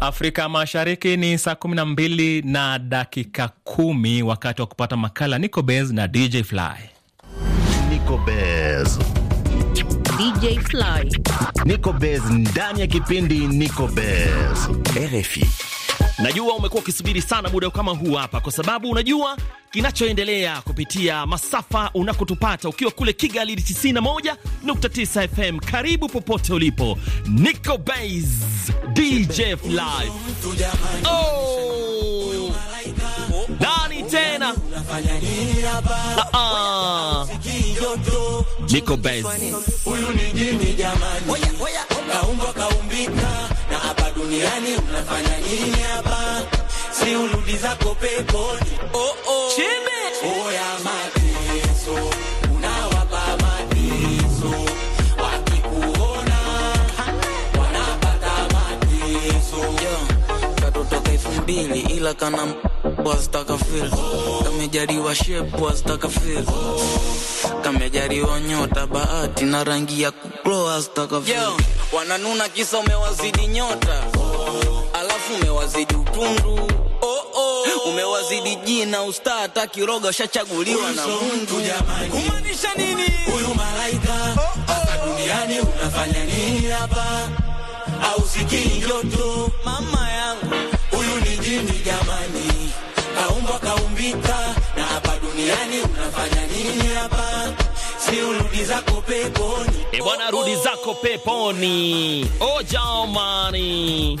Afrika Mashariki ni saa 12 na dakika kumi, wakati wa kupata makala Nico Bez na DJ Fly. Nico Bez. DJ Fly. Nico Bez ndani ya kipindi Nico Bez. RFI. Najua umekuwa ukisubiri sana muda kama huu hapa, kwa sababu unajua kinachoendelea kupitia masafa unakotupata ukiwa kule Kigali 91.9 FM. Karibu popote ulipo, Nico bas DJ Fly oh! tena? Uh-uh. Nico duniani unafanya nini hapa? Si urudi zako peponi. Oh oh. Chimbe. Oh ya mateso. Unawapa mateso. Wakikuona wanapata mateso. Yo, katotoka elfu mbili ila kana wazitaka feel. Kamejaliwa shape wazitaka feel. Kamejaliwa nyota bahati na rangi ya kukloa wazitaka feel. wananuna kisa umewazidi nyota umewazidi utundu oh -oh. umewazidi jina usta hata kiroga ushachaguliwa na Mungu jamani, kumaanisha nini huyu malaika oh -oh. duniani unafanya nini hapa? au sikii joto mama yangu, huyu ni jini jamani, kaumbwa kaumbika na hapa duniani unafanya nini hapa? Rudi zako peponi. E bwana, rudi zako peponi. Oh, jamani.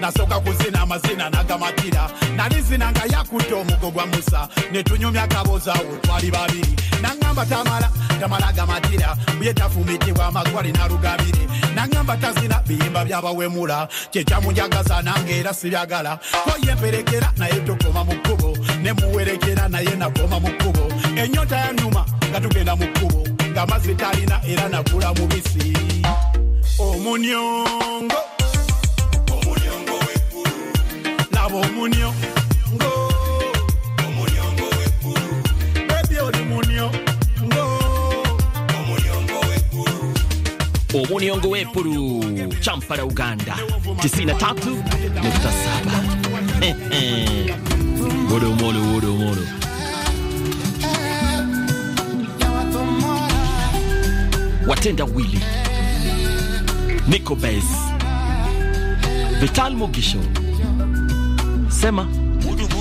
nasoka kuzina amazina nagamatira nali zinanga yakutta omugo gwa musa netunyumya kaboza awo twali babiri nagamba tamala tamala gamatira buye tafumitibwa amagwali nalugabire nagamba tazina biyimba byabawemula kyekyamunjagaza nange era sibyagala ko yemperekera naye tokoma mu kkubo nemuwerekera naye nakoma mu kkubo enyota yanyuma nga tugenda mu kkubo ngaamazi talina era nagula mubisi omunyongo omuniongo ngo omunyongo Champara Uganda 93.7 Woromoro woromoro Watenda Willy Nico Bass Vital Mugisho sema hatoti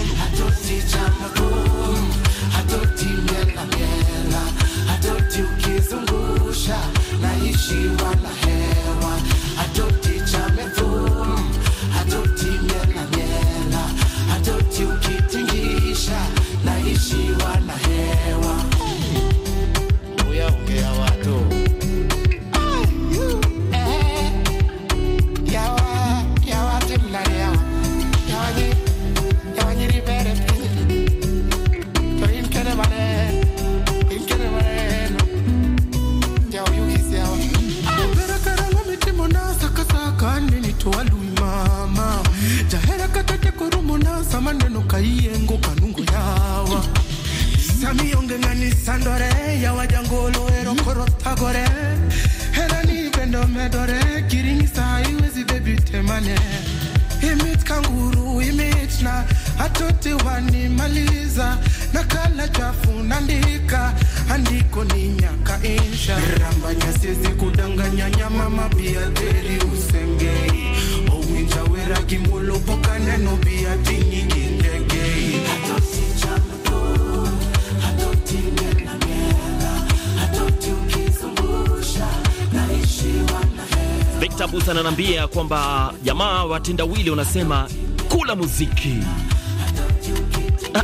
atoti wanimaliza nakala chafu nandika andiko ni nyaka insha rambanya siezi kudanganya nyama mabia teri usengei owinja weragi mulopoka neno bia tinyigindegei atoti chamto atoti menamera atoti ukizungusha naishiwa Victor Busa ananiambia kwamba jamaa watendawili wanasema kula muziki Oh,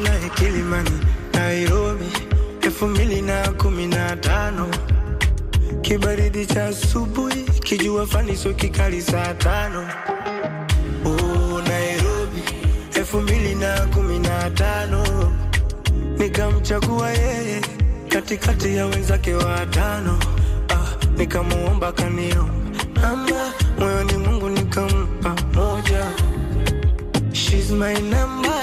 naye Kilimani, Nairobi elfu mbili na kumi na tano kibaridi cha asubuhi kijua fani sio kikali saa tano. Oh, Nairobi elfu mbili na kumi na tano nikamchagua yeye katikati ya wenzake watano. Ah, nikamuomba kanio namba moyoni Mungu nikampa moja. She's my number,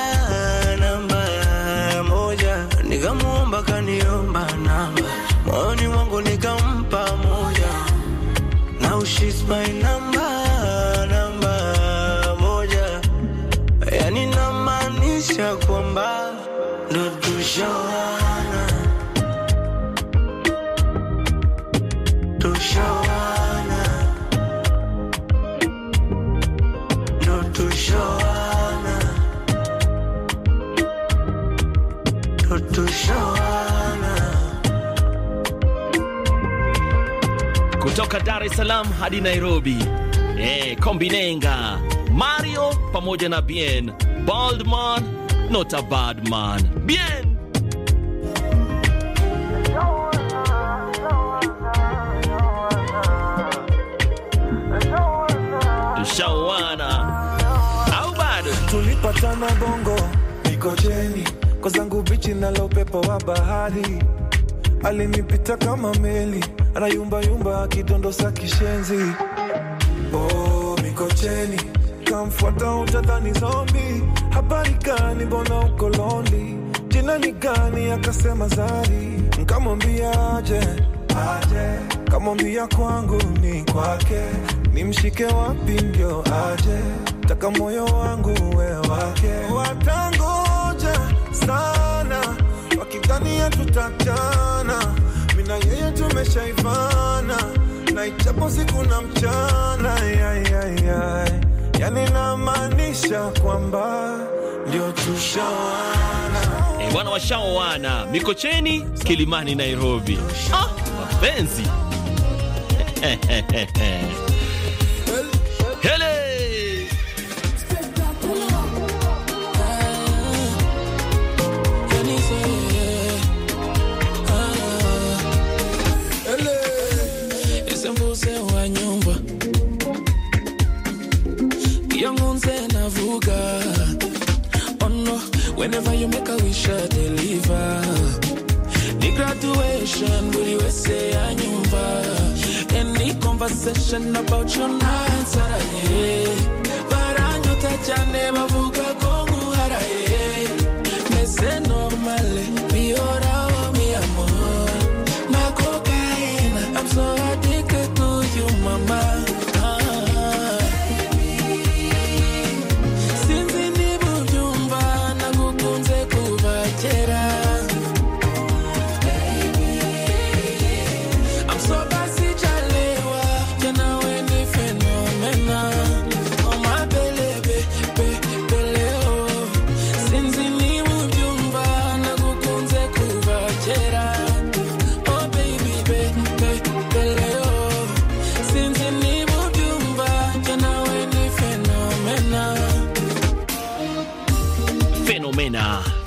number moja nikamuomba kanio she's my number, namba moja, yani namaanisha kwamba ndo tusha kutoka Dar es Salaam hadi Nairobi. Hey, eh, Kombinenga, Mario pamoja na Bien, Baldman not a bad man. Bien. Tushawana au bado? Tulipatana Bongo, Mikocheni, Kozangu bichi na lopepo wa bahari alinipita kama meli, anayumbayumba akidondosa kishenzi. Oh, Mikocheni kamfuata utadhani zombi. Habari gani, mbona uko lonely? Jina ni gani? Akasema Zari. Nkamwambia aje, aje. Kamwambia kwangu ni kwake, nimshike wapi ndio aje? Taka moyo wangu we wake, watangoja sana Utani hatutatana, mimi na yeye tumeshaivana, na ichapo siku na mchana ay, ay, ay. Yani namaanisha kwamba ndio tushawana eh, bwana washaowana Mikocheni, Kilimani, Nairobi. Ah, mapenzi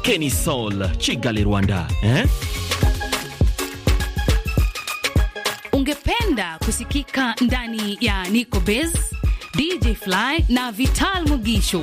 Kenny Soul, Kigali Rwanda eh? Ungependa kusikika ndani ya Nico Bez, DJ Fly na Vital Mugisho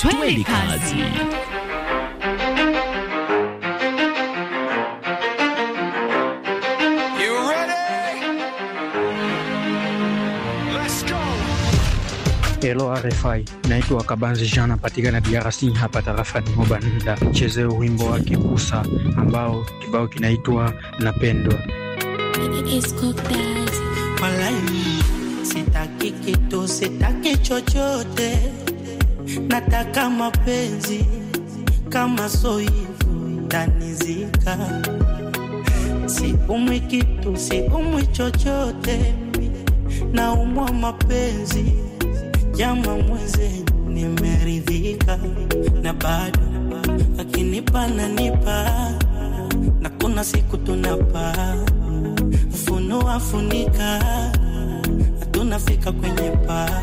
Twende kazi. Hello RFI, naitwa Kabanzi Jean, napatikana DRC hapa tarafa ni Mobanda. Chezeo wimbo wa kikusa ambao kibao kinaitwa Napendwa. Sitaki kitu, sitaki chochote nataka mapenzi kama soivu tanizika, si umwi kitu, si chochote, na umwa mapenzi jama mwezenu, nimeridhika na bado akinipa nipa na kuna siku tunapa funika, hatunafika kwenye paa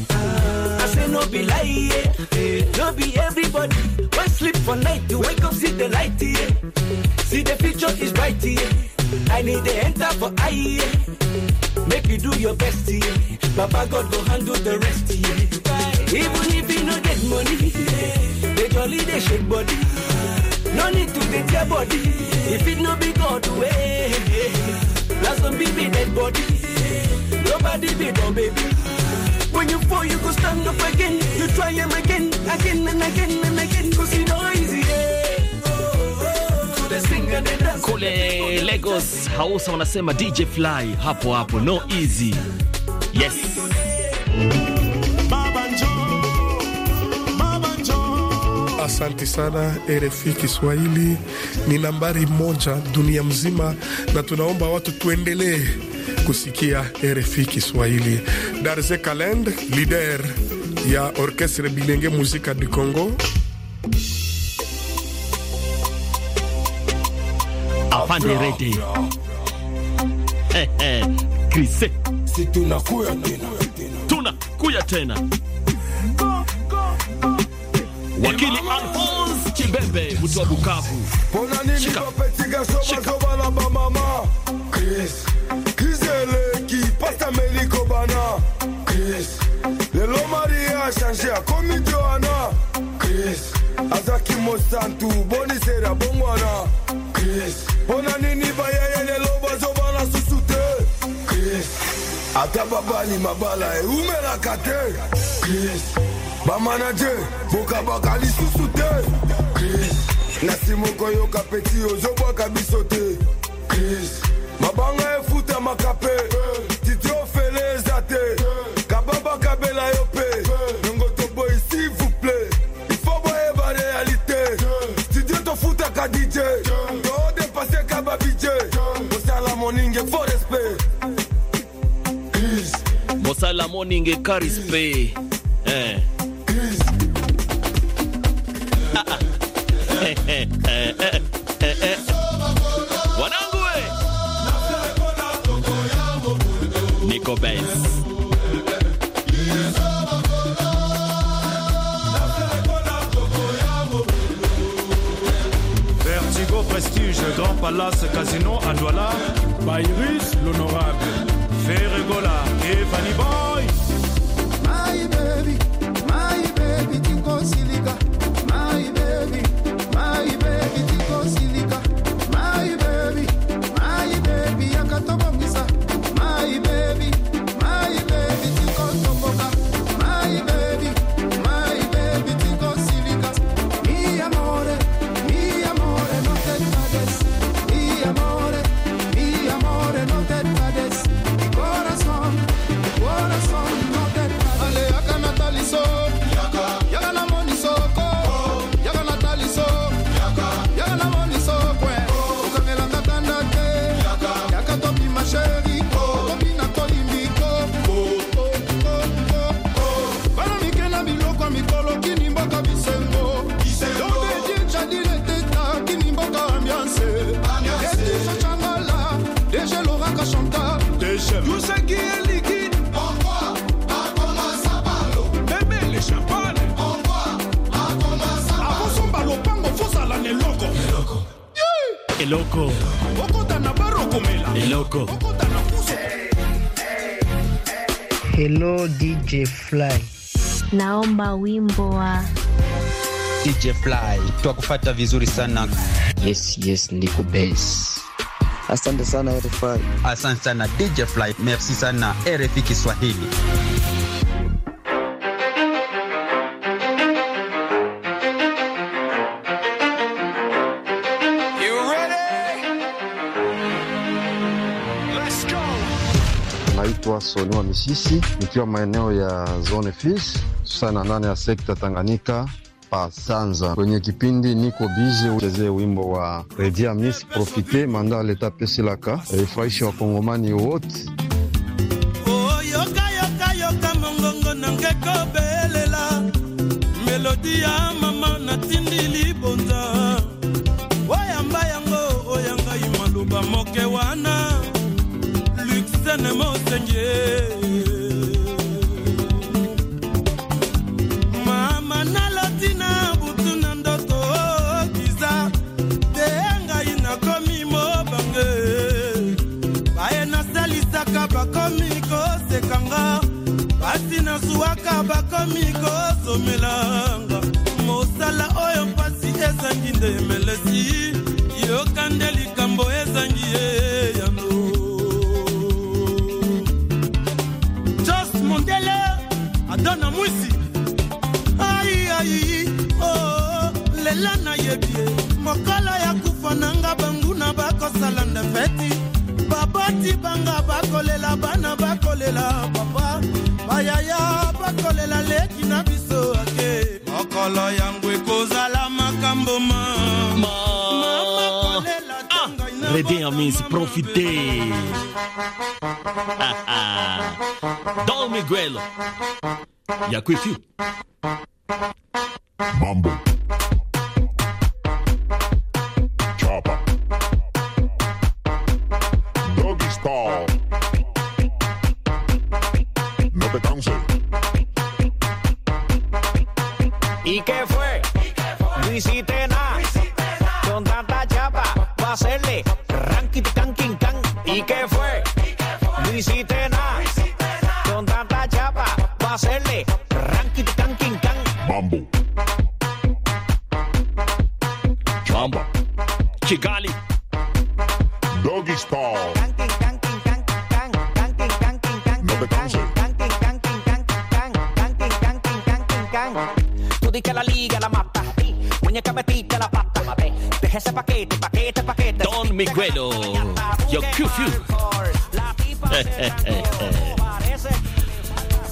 say no be lie, yeah. Eh, no be everybody. When sleep for night, you wake up, see the light, yeah. See the future is bright, yeah. I need the enter for I, yeah. Make you do your best, yeah. Papa God go handle the rest, yeah. Even if you no get money, they jolly, they shake body. No need to get your body. If it no be God way, last one be dead body. Nobody be no baby. When you fall, you go stand up again. You try them again, again and again and again. Cause you know easy, yeah. Oh, oh, oh. Kule legos Hausa wanasema DJ Fly hapo hapo, no easy. Yes. Asante sana RFI Kiswahili ni nambari moja dunia mzima, na tunaomba watu tuendelee kusikia RFI Kiswahili. Darze Kalend, leader ya Orchestre Bilenge Musika du Congo. Afande rete Krise, eh, eh, si kuya tena, kuya tena. Wakili Alphonse Chibembe kutoka Bukavu. Pona nini Shika. Shika. Tunisia come Joanna Chris Azaki Mosantu Boni sera bongwana Chris Bona nini baya yene loba zobana susute Chris Ata babali mabala e umela kate Chris Ba manager boka bakali susute Chris Nasi moko yo kapeti kabisote. Chris Mabanga futa makape Titi zate, Kababa kabela yo Ndo dépassé kaba BJ Mosala morning for respect Mosala morning ka respect Eh ah, Eh, eh, Benz Palace Casino à Douala, Bayrus l'honorable, Ferregola et Fanny Boy. Iloko, Iloko. Hello DJ Fly, naomba wimbo wa DJ Fly, twakufata vizuri sana. Yes, yes, ndiko bass. Asante sana RFI. Asante sana DJ Fly. Merci sana RFI Kiswahili. naitwa Soni wa Misisi, nikiwa maeneo ya zone fis na nane ya sekta Tanganyika pasanza kwenye kipindi niko bize uchezee wimbo wa Redia mis profite manda leta pesilaka efurahisha wakongomani wote oh, mongongo nangekobelela melodi ya mama okomi kosomelanga mosala oyo mpasi ezangi nde melesi Don Miguel. ya ефір. Бамбу. Chapa, Doggy style. No te canses. ¿Y qué fue? Visite na. Con tanta chapa. Va a hacerle ranking, canking, can. ¿Y qué fue? hacerle ranking can king can mambo chamba chigali doggy style di que la liga la mata muñeca metiste la pata deje ese paquete paquete paquete Don Miguelo Yo Cufiu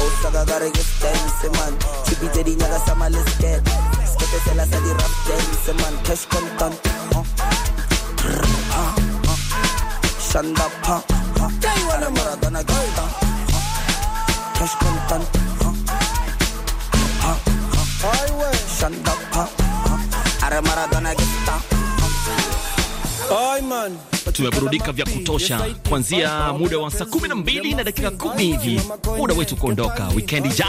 Osaka gotta eh, get dance, man. Chibi teddy nyaga sama let's get. Skete sela sa di rap dance, eh, man. Cash content. Shanda pa. Day one Maradona get down. Cash content. Highway. Shanda pa. Are Maradona get down. Tumeburudika vya kutosha kuanzia muda wa saa 12 na dakika kumi hivi, muda wetu kuondoka. Wikendi ja